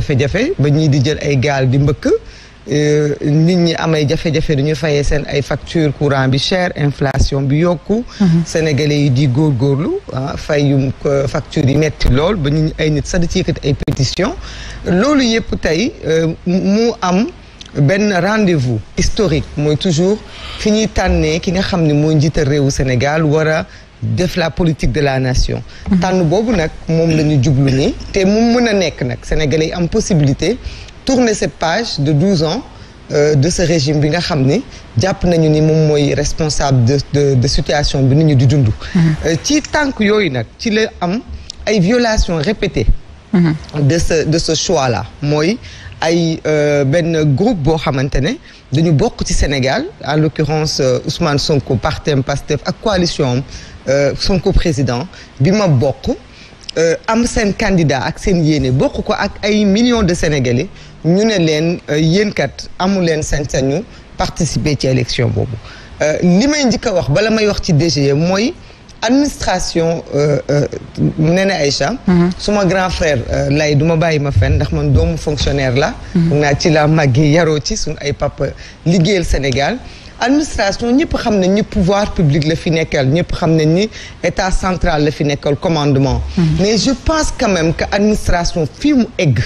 jafe-jafe ba ñii di jël ay gaal di mbëkk euh, nit ñi amay jafe-jafe dañuy fayee seen ay facture courant bi cher inflation bi yokku mhm. sénégalais yi di góorgóorlu ah fayum euh, facture yi metti lool ba ñu ay nit sax di ay pétition loolu yëpp tey euh, mu am benn rendez-vous historique mooy toujours fi ñuy tànnee ki nga xam ne mooy njiital réewu Sénégal war a def la politique de la nation. tànn boobu nag moom la ñu jublu nii. te mu mën a nekk nag sénégalais am possibilité tourner cette page de 12 ans. Euh, de ce régime bi nga xam ni jàpp nañu ni moom mooy responsable de de de situation bi nit ñu di jundu euh, ci tànk yooyu nag ci la am ay violation répétées. de ce de choix là mooy ay euh, benn groupe boo xamante ne dañu bokk ci Sénégal en l'occurrence Ousmane Sonko Partem Pastef ak coalition Euh, Sonko président bi ma bokk euh, am seen candidat ak seen yéene bokk ko ak ay millions de sénégalais ñu ne leen euh, yéen kat amu leen sañ-sañu participer ci élection boobu li may njëkk a wax bala may wax ci DGE mooy administration Néné Aïcha mhm. suma grand frère lay du ma bàyyi ma fen ndax man doomu fonctionnaire la mhm. naa ci la màggee yaroo ci suñu ay papa liggéeyal Sénégal administration ñëpp xam nañ ni pouvoir public la fi nekkal ñëpp xam nañ ni état central la fi nekkal commandement mhm. mais je pense quand même que administration fii mu egg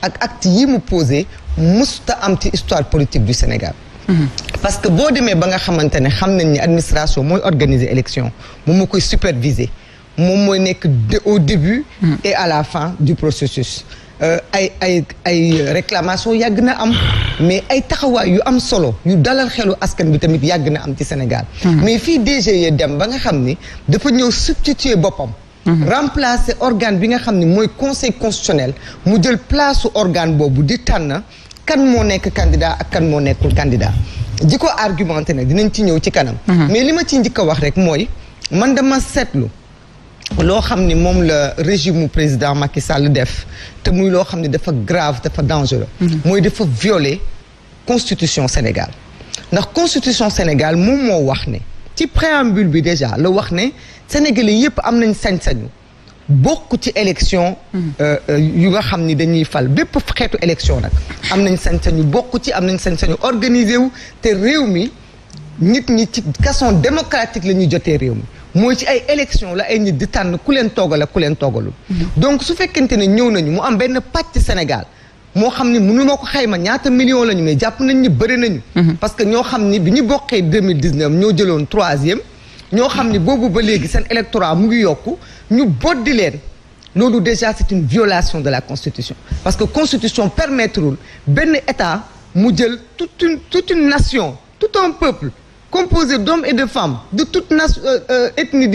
ak acte yi mu posé musta am ci histoire du Sénégal mhm. parce que boo demee ba nga xamante ne xam nañ ni administration mooy organiser élection moom moo koy superviser moom mooy nekk au début mhm. et à la fin du processus Euh, ay ay ay réclamation yàgg na am mais ay taxawaay yu am solo yu dalal xelu askan bi tamit yàgg na am ci Sénégal hmm. mais fii DGE dem ba nga xam ni dafa ñëw substituer boppam hmm. remplacer organe bi nga xam ni mooy conseil constitutionnel mu jël place organe boobu di tànn kan moo nekk candidat ak kan moo nekkul candidat ji ko argumenté nag dinañ ci ñëw ci kanam hmm. mais li ma ci njëkk a wax rek mooy man dama seetlu loo xam ni moom la régime mu président Macky Sall def te muy loo xam ni dafa grave dafa dangereux. Mm-hmm. mooy dafa violer constitution Sénégal ndax constitution Sénégal moom moo wax ne ci préambule bi déjà la wax ne sénégalais yépp am nañ sañ-sañu bokk ci élection mm-hmm. euh, euh, yu nga xam ni dañuy fal bépp xeetu élection nag am nañ sañ-sañu bokk ci am nañ sañ-sañu organiser wu te réew mi nit ñi ci façon démocratique la ñuy jotee réew mi mooy ci ay élection la ay nit di tànn ku leen toogal ak ku leen toogalul. donc su fekkente ne ñëw nañu mu am benn pàcc Sénégal moo xam ne mënu ma ko xayma ñaata million lañu jàpp nañ ni bëri nañu. Mhm. parce que ñoo xam ni bi ñu bokkee deux mille dix neuf ñoo jëloon troisième. ñoo xam ni boobu ba léegi seen électorat mu ngi yokku ñu boddi leen. loolu déjà c'est une violation de la constitution parce que constitution permettrul benn état mu jël tout une toute une nation tout un peuple composé d'hommes et de femmes de toutes nas euh, euh, ethnies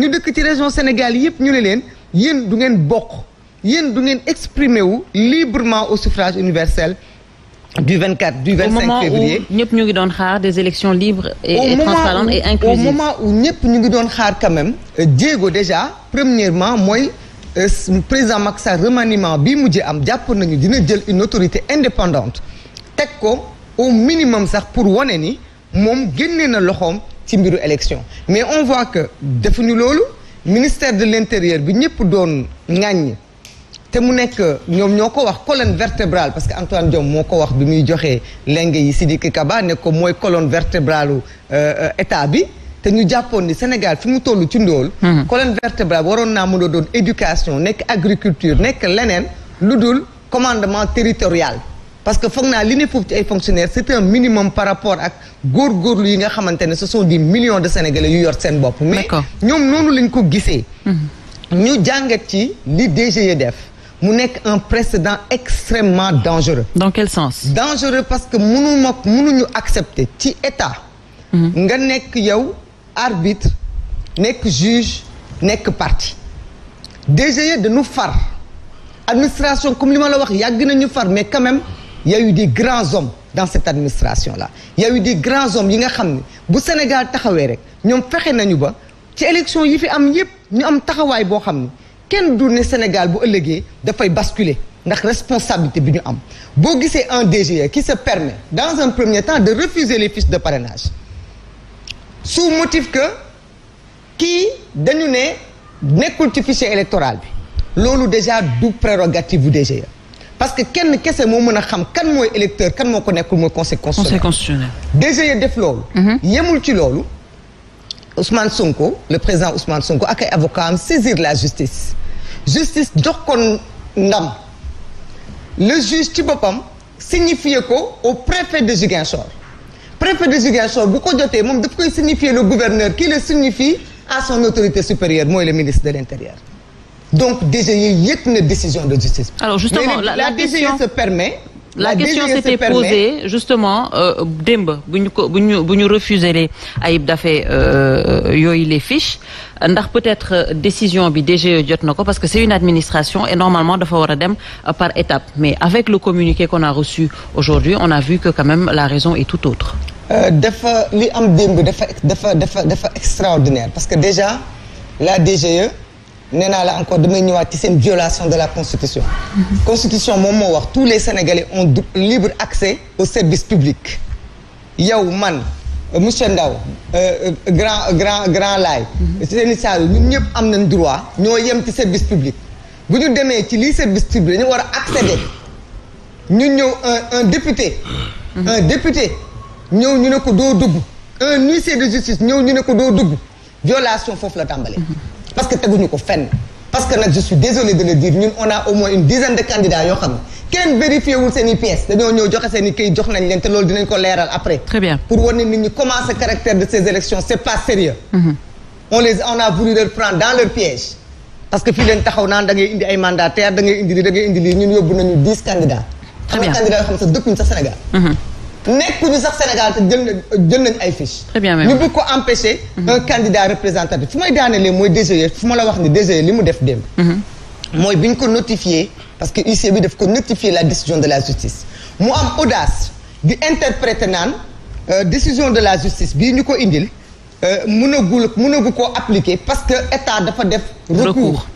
ñu dëkk ci région Sénégal yëpp ñu ne leen yéen du ngeen bokk yéen du ngeen exprimer wu librement au suffrage universel du 24 du 25 février au moment ñëpp ñu ngi doon xaar des élections libres et transparentes et inclusives au moment où ñëpp ñu ngi doon xaar quand même euh, jéego déjà premièrement mooy président Macky Sall remaniement bii mujjee am jàpp nañu dina jël une autorité indépendante teg ko au minimum sax pour wane ni moom génnee na loxoom ci mbiru élection mais on voit que defuñu loolu ministère de l'intérieur bi ñëpp doon ŋàññ te mu nekk ñoom ñoo ko wax colonne vertébrale parce que Antoine Diome moo ko wax bi muy joxee lenge yi si Sidiki Kaba ne ko mooy colonne vertébralu euh, état bi te ñu jàppoon ni Sénégal fi mu toll ci ndool hmm. colonne vertébrale waroon naa mën a doon éducation nekk agriculture nekk leneen lu dul commandement territorial parce que foog naa li ne foofu ci ay fonctionnaires c'est un minimum par rapport ak góorgóorlu yi nga xamante ne ce sont des millions de sénégalais yu yor seen bopp mais ñoom noonu lañ ko gisee mhm. ñu jàngat ci li DGE def mu nekk un précédent extrêmement dangereux dans quel sens dangereux parce que mënu ma ñu accepter ci état mhm. nga nekk yow arbitre nekk juge nekk parti DGE dañu far administration comme li ma la wax yàgg nañu far mais quand même y a eu des grands hommes dans cette administration là y a eu des grands hommes yi nga xam ne bu Sénégal taxawee rek ñoom fexe nañu ba ci élection yi fi am yépp ñu am taxawaay boo xam ne kenn du ne Sénégal bu ëllëgee dafay basculer ndax responsabilité bi ñu am boo gisee un DG qui se permet dans un premier temps de refuser les fiches de parrainage sous motif que kii dañu ne nekkul ci fichier électoral bi loolu déjà du prérogative bu DG e. parce que kenn kese moo mën a xam kan mooy électeur kan moo ko nekkul mooy conseil constitutionnel. conseil constitutionnel. déjà ya e def loolu. Mhm. yemul ci loolu Ousmane Sonko le président Ousmane Sonko ak ay avocats am saisir la justice justice jox ko ndam le juge ci boppam signifier ko au préfet de Ziguinchor préfet de Ziguinchor bu ko jotee moom daf koy signifier le gouverneur qui le signifie à son autorité supérieure mooy le ministre de l'intérieur donc DGE yëpp na décision de justice. alors justement mais, la, la, la question DGE se permet. la, la question s'était posée euh, bu ñu ko bu ñu bu ñu refusé les Ayib Daffé euh, euh, yooyu les fiches ndax peut-être euh, décision bi DGE jot na ko parce que c'est une administration et normalement dafa war a dem euh, par étape mais avec le communiqué qu'on a reçu aujourd'hui on a vu que la raison est tout autre dafa li am démb dafa dafa dafa dafa extraordinaire parce que déjà la DGE nee naa la encore damay ñëwaat ci seen violation de la constitution. Mhm. constitution moom moo wax tous les sénégalais on libre accès au service public. yow man euh, monsieur Ndaw euh, euh, grand grand grand laay. Mhm. seen i saa ñëpp am na droit. ñoo yem ci service public. bu ñu demee ci lii service public dañu war a accéder ñu ñëw un un député. Mhm. un député ñëw ñu ne ko doo dugg. un huissier de justice ñëw ñu ne ko doo dugg violation foofu la tàmbalee. parce que teguñu ko fenn parce que nag je suis désolé de le dire ñun on a au moins une dizaine de candidats yoo xam ne kenn vérifié wul seen i pièces dañoo ñëw joxe seen i kayit jox nañ leen te loolu dinañ ko leeral après. très bien pour wane nit ñi comment ce caractère de ces élections c' pas sérieux mm-hmm. on a voulu leur prendre dans leur piège. parce que fii leen taxaw naan da indi ay mandataires da indi lii da indi lii ñun yóbbu nañu dix nekkuñu sax Sénégal te jël nañ jël nañ ay fiche ñu bëgg ko empêcher mhm. un candidat représentatif fu may daanelee mooy DGE fu ma la wax ni DGE li mu def dem mhm. mooy bi ñu ko notifié parce que huissier bi daf ko notifié la décision de la justice mu am audace di interpréter naan euh, décision de la justice bi ñu ko indil euh, mënagul mënagu koo appliquer parce que état dafa def recours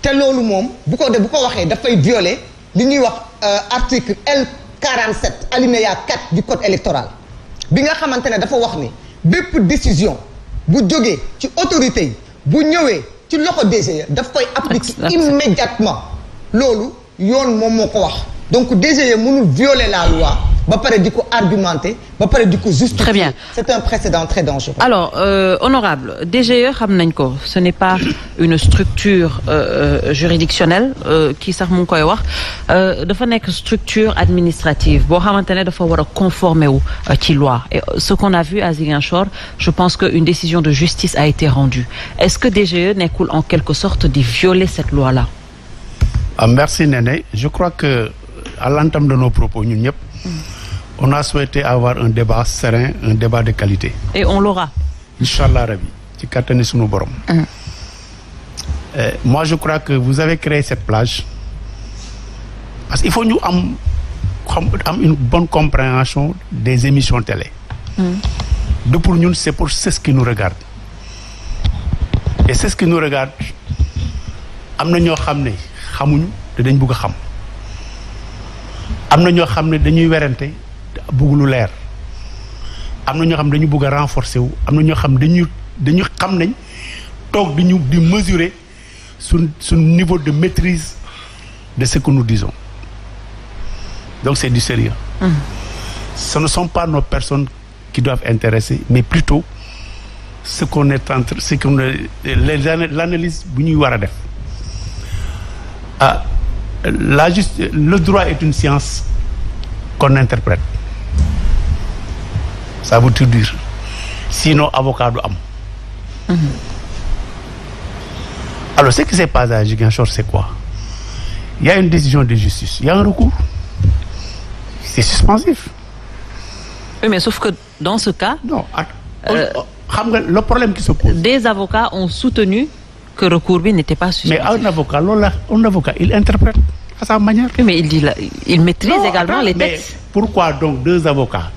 te loolu moom bu ko def bu ko waxee dafay violer li ñuy wax euh, article L 47 alinéa 4 du code électoral bi nga xamante ne dafa wax ni bépp décision bu jógee ci autorité yi bu ñëwee ci loxo DGE daf koy appliquer immédiatement loolu yoon moom moo ko wax donc DGE mënul violer la loi ba pare di ko argumenter ba pare di ko justifier. très bien c'est un précédent très dangereux. alors euh, honorable DGE xam nañ ko ce n'est pas une structure euh, euh juridictionnelle euh, kii sax mu ngi koy wax euh, dafa nekk structure administrative boo xamante ne dafa war a conformer wu ci loi et ce qu'on a vu à Ziguinchor je pense que une décision de justice a été rendue est-ce que DGE nekkul en quelque sorte di violer cette loi-là. Ah, je crois que à l'entame de nos propos ñëpp. Mm. on a souhaité avoir un débat serein un débat de qualité. et on l'aura. incha allah rabi ci kattani sunu borom. Ah. Euh, moi je crois que vous avez créé cette plage parce que il faut ñu am am une bonne compréhension des émissions télé. Hmm. du pour ñun c'est pour c'est ce qui nous regarde et c'est qui nous regarde am na ñoo xam ne xamuñu te dañ bëgg a xam am na ñoo xam ne dañuy werante. bëgg lu leer am na ñoo xam dañu bëgg a renforcer wu am na ñoo xam dañu dañu xam nañ toog di ñu di mesurer suñ suñ niveau de maitrise de ce dison nous disons donc c'est du sérieux mmh. ce ne sont pas nos personnes qui doivent intéresser mais plutôt ce l'analyse bu ñuy war a def ah, la juste le droit est une science qu'on interprète ça veut tout avocat du am. Mm -hmm. alors ce qui s'est passé à Ziguinchor c'est quoi il y a une décision de justice il y a un recours c'est suspensif. oui mais sauf que dans ce cas. Euh, nga le problème qui se pose. des avocats ont soutenu que recours bi n'était pas suspensif. mais un avocat loolu la un avocat il interprète à sa manière. oui mais il dit la il maîtrise également les textes. pourquoi donc deux avocats.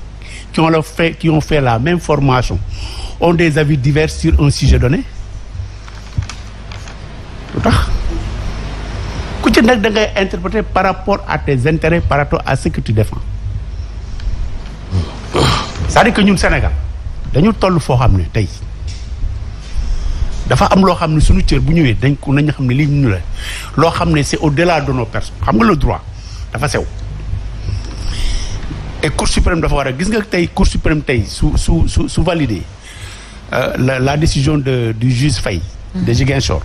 qui ont, leur fait, la même formation ont des avis divers sur un sujet donné lu tax ku ci nekk da ngay interpréter par rapport à tes intérêts par rapport à ce que tu défends que ñun Sénégal dañu toll foo xam ne tey dafa am loo xam ne suñu cër bu ñëwee dañ ko nañ xam ne lii ñu la loo xam ne c'est au-delà de nos personnes xam nga la droit dafa sew et cour suprême dafa war a gis nga tey cour suprême tey su su su su validé euh, la la décision de du juge Faye. de mm-hmm. Ziguinchor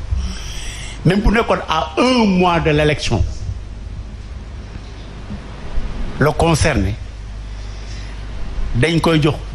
même bu nekkoon à un mois de l' élection le concerné dañ koy jox.